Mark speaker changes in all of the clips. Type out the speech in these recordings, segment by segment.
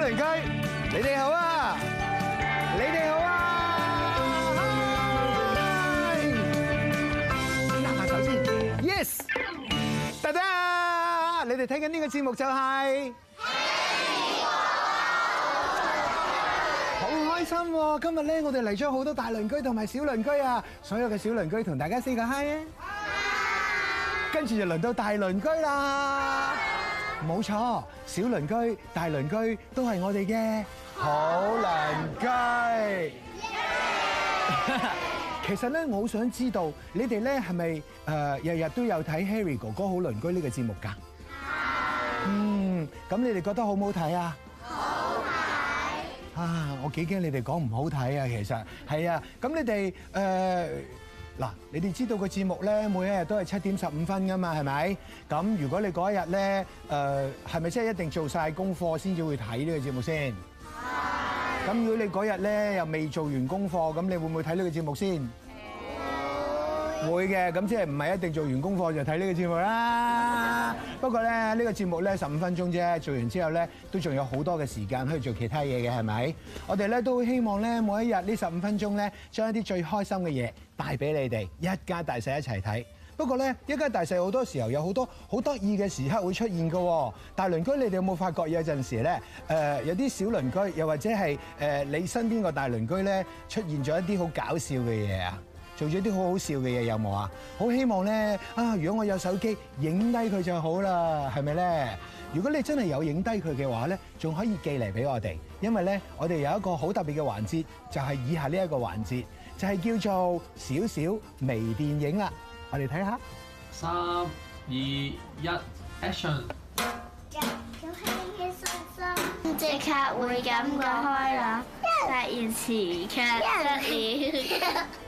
Speaker 1: 小鄰居，你哋好啊！你哋好啊！嗱，首先，yes，大家，你哋睇緊呢個節目就係，好開心。今日咧，我哋嚟咗好多大鄰居同埋小鄰居啊！所有嘅小鄰居同大家四個 hi，跟住就輪到大鄰居啦。冇錯，小鄰居、大鄰居都係我哋嘅好鄰居。其實咧，我好想知道你哋咧係咪誒日日都有睇 Harry 哥哥好鄰居呢個節目㗎？嗯，咁你哋覺得好唔好睇啊？好睇啊！我幾驚你哋講唔好睇啊！其實係啊，咁你哋誒。嗱，你哋知道個節目咧，每一日都係七點十五分㗎嘛，係咪？咁如果你嗰一日咧，誒係咪即係一定做晒功課先至會睇呢個節目先？係。咁如果你嗰日咧又未做完功課，咁你會唔會睇呢個節目先？會嘅，咁即係唔係一定做完功課就睇呢個節目啦。不過咧，這個、節呢個節目咧，十五分鐘啫，做完之後咧都仲有好多嘅時間去做其他嘢嘅，係咪？我哋咧都希望咧，每一日呢十五分鐘咧，將一啲最開心嘅嘢帶俾你哋一家大細一齊睇。不過咧，一家大細好多時候有好多好得意嘅時刻會出現嘅喎。大鄰居，你哋有冇發覺有陣時咧，誒、呃、有啲小鄰居，又或者係誒、呃、你身邊個大鄰居咧，出現咗一啲好搞笑嘅嘢啊？做咗啲好好笑嘅嘢有冇啊？好希望咧啊！如果我有手機影低佢就好啦，係咪咧？如果你真係有影低佢嘅話咧，仲可以寄嚟俾我哋，因為咧我哋有一個好特別嘅環節，就係以下呢一個環節，就係叫做少少微電影啦。我哋睇下，三二一，action！即刻會咁過開啦，發現時卻不了。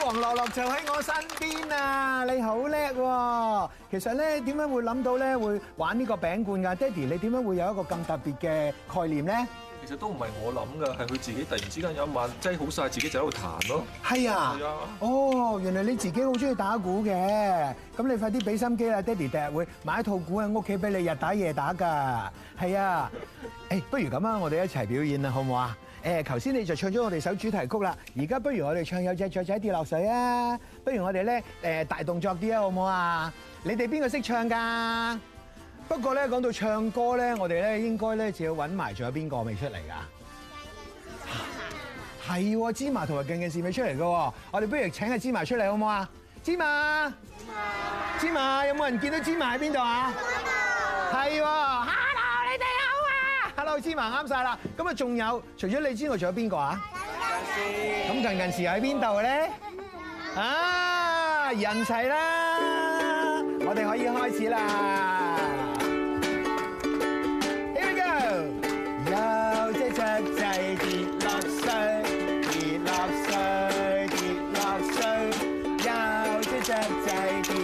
Speaker 1: 黃樂樂就喺我身邊啊！你好叻喎，其實咧點樣會諗到咧會玩呢個餅罐噶？爹哋你點樣會有一個咁特別嘅概念咧？其實都唔係我諗噶，係佢自己突然之間有一晚擠好晒，自己就喺度彈咯。係啊，oh yeah. 哦，原來你自己好中意打鼓嘅，咁你快啲俾心機啦，爹哋第日會買一套鼓喺屋企俾你日打夜打噶。係啊，誒， 不如咁啊，我哋一齊表演啊，好唔好啊？誒，頭先你就唱咗我哋首主題曲啦，而家不如我哋唱有隻雀仔跌落水啊！不如我哋咧誒大動作啲啊，好唔好啊？你哋邊個識唱㗎？不過咧講到唱歌咧，我哋咧應該咧就要揾埋仲有邊個未出嚟㗎？係喎，芝麻同埋勁勁仲未出嚟嘅喎，我哋不如請阿芝麻出嚟好唔好啊？芝麻，芝麻，有冇人見到芝麻喺邊度啊？係喎。李芝麻啱晒啦，咁啊仲有，除咗你之外仲有邊個啊？近近時，咁近近時喺邊度咧？啊，人齊啦，我哋可以開始啦。Here we go，有隻雀仔跌落水，跌落水，跌落水，有隻雀仔跌。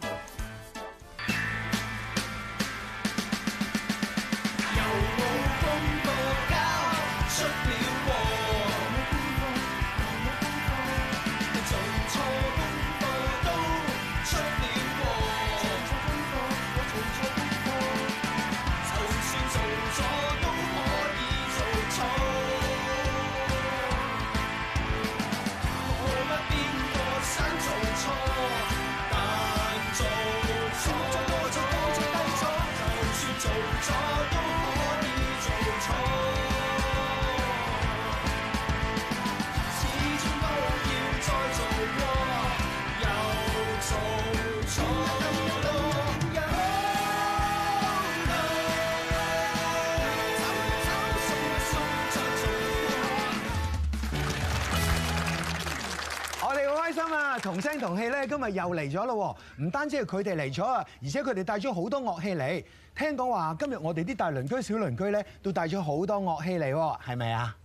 Speaker 1: 開心啊，同聲同氣咧，今日又嚟咗咯。唔單止係佢哋嚟咗啊，而且佢哋帶咗好多樂器嚟。聽講話今日我哋啲大鄰居小鄰居咧，都帶咗好多樂器嚟，啊，係咪啊？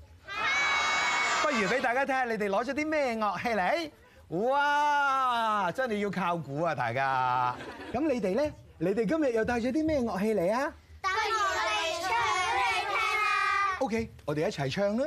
Speaker 1: 不如俾大家睇下你哋攞咗啲咩樂器嚟？哇，真係要靠鼓啊！大家，咁你哋咧？你哋今日又帶咗啲咩樂器嚟啊？帶我哋，okay, 唱嚟聽啊！O K，我哋一齊唱啦。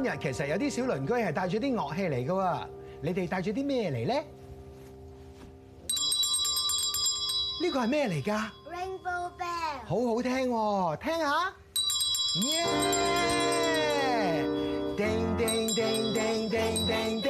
Speaker 1: 今日其實有啲小鄰居係帶咗啲樂器嚟噶，你哋帶咗啲咩嚟咧？呢個係咩嚟噶？Rainbow Band，好好聽，聽下。叮叮叮叮叮叮。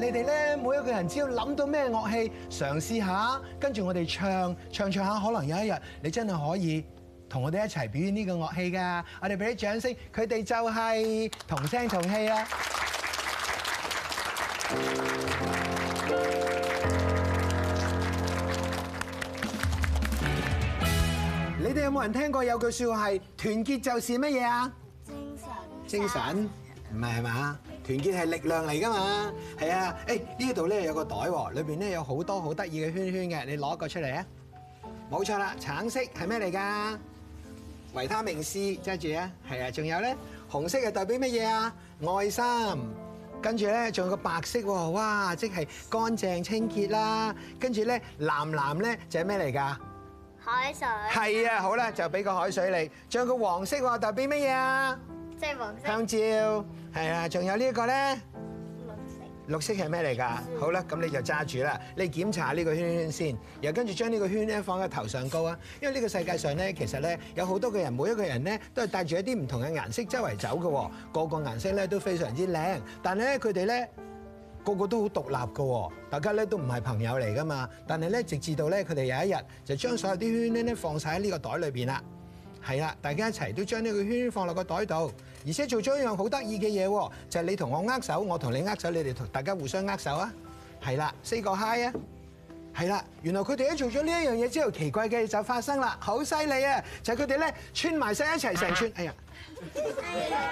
Speaker 1: 你哋咧，每一個人只要諗到咩樂器，嘗試下，跟住我哋唱唱唱下，可能有一日你真係可以同我哋一齊表演呢個樂器㗎。我哋俾啲掌聲，佢哋就係同聲同氣呀。你哋有冇人聽過有句說話係團結就是乜嘢啊？精神。精神唔係係嘛？團結係力量嚟噶嘛？係啊！誒呢度咧有個袋喎，裏邊咧有好多好得意嘅圈圈嘅，你攞一個出嚟啊！冇錯啦，橙色係咩嚟㗎？維他命 C，揸住啊！係啊，仲有咧紅色係代表乜嘢啊？愛心。跟住咧仲有個白色喎，哇！即係乾淨清潔啦。跟住咧藍藍咧，就係咩嚟㗎？海水。係啊，好啦，就俾個海水嚟，仲有個黃色喎，代表乜嘢啊？就是，香蕉，係啊，仲有呢個呢一個咧，綠色，綠色係咩嚟？噶好啦，咁你就揸住啦。你檢查下呢個圈圈先，然後跟住將呢個圈咧放喺頭上高啊。因為呢個世界上咧，其實咧有好多嘅人，每一個人咧都係戴住一啲唔同嘅顏色周圍走嘅。個個顏色咧都非常之靚，但係咧佢哋咧個個都好獨立嘅。大家咧都唔係朋友嚟噶嘛。但係咧直至到咧佢哋有一日就將所有啲圈咧咧放晒喺呢個袋裏邊啦。係啦，大家一齊都將呢個圈圈放落個袋度。而且做咗一樣好得意嘅嘢，就係你同我握手，我同你握手，你哋同大家互相握手啊。係啦，四個 high 啊。係啦，原來佢哋一做咗呢一樣嘢之後，奇怪嘅嘢就發生啦，好犀利啊！就係佢哋咧穿埋曬一齊成串。哎呀，犀利啊！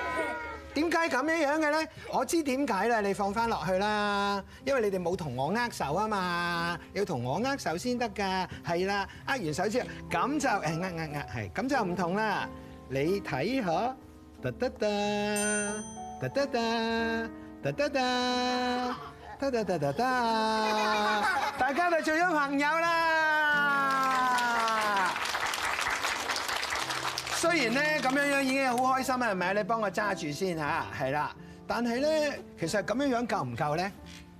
Speaker 1: 點解咁樣樣嘅咧？我知點解啦，你放翻落去啦，因為你哋冇同我握手啊嘛，要同我握手先得㗎。係啦，握完手之後咁就誒呃呃呃，係咁就唔同啦。你睇下。噠噠噠，噠噠噠，噠噠噠，噠噠噠噠噠，大家就做咗朋友啦。雖然咧咁樣樣已經好開心啦，係咪啊？你幫我揸住先啊，係啦。但係咧，其實咁樣樣夠唔夠咧？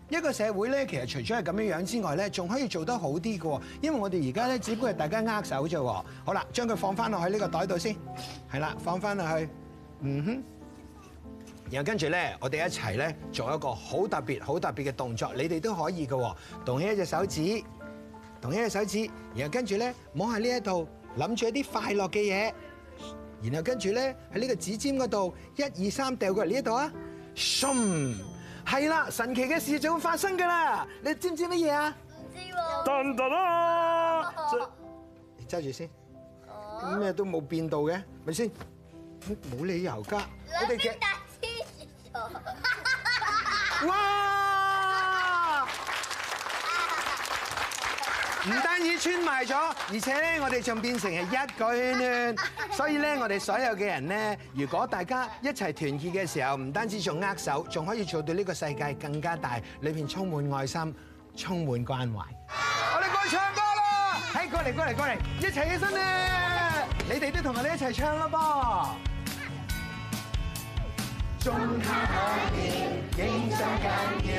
Speaker 1: 一個社會咧，其實除咗係咁樣樣之外咧，仲可以做得好啲噶。因為我哋而家咧，只不過係大家握手啫。好啦，將佢放翻落去呢個袋度先，係啦，放翻落去。嗯哼，然後跟住咧，我哋一齊咧做一個好特別、好特別嘅動作，你哋都可以嘅，哦，動起一隻手指，動起一隻手指，然後跟住咧摸下呢一度，諗住一啲快樂嘅嘢，然後跟住咧喺呢個指尖嗰度一二三掉過嚟呢一度啊，咻，係啦，神奇嘅事就會發生噶啦，你知唔知乜嘢啊？唔知喎。等等啦，揸住先，咩都冇變到嘅，咪先？冇理由噶，我哋只哇，唔單止穿埋咗，而且咧，我哋仲變成係一個圈圈。所以咧，我哋所有嘅人咧，如果大家一齊團結嘅時候，唔單止仲握手，仲可以做到呢個世界更加大，裏面充滿愛心，充滿關懷。我哋該唱歌啦，喺過嚟過嚟過嚟，一齊起身咧！你哋都同我哋一齊唱咯噃！中拍拖要影相緊要，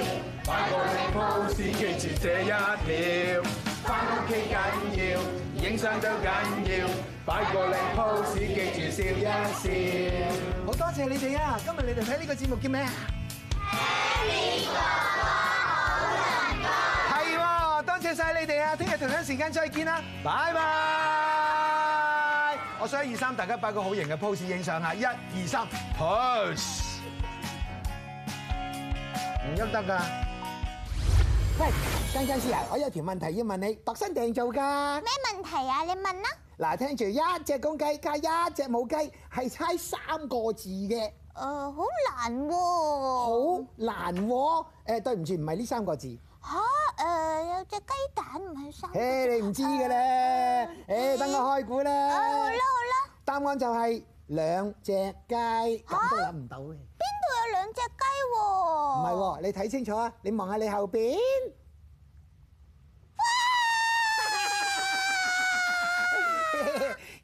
Speaker 1: 擺個靚 pose 記住這一秒，翻屋企緊要，影相都緊要，擺個靚 pose 記住笑一笑。好多謝你哋啊！今日你哋睇呢個節目叫咩啊？Harry 哥哥好玩屋。係喎，多謝晒你哋啊！聽日同樣時間再見啦，拜拜。我想一二三，大家擺個好型嘅 pose 影相下！一、二、三，pose，唔郁得噶。喂，張張師啊，我有條問題要問你，度身訂造㗎。咩問題啊？你問啦。嗱，聽住，一隻公雞加一隻母雞，係猜三個字嘅。誒，好難喎。好難喎。誒，對唔住，唔係呢三個字。嚇？誒，有隻雞蛋唔係三。誒，你唔知㗎咧。誒，等我開估啦。答案就係兩隻雞，咁、啊、都諗唔到嘅。邊度有兩隻雞喎，啊？唔係喎，你睇清楚啊！你望下你後面。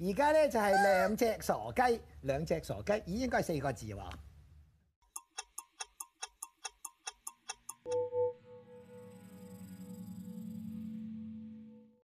Speaker 1: 而家咧就係、是、兩隻傻雞，兩隻傻雞，咦？應該係四個字喎。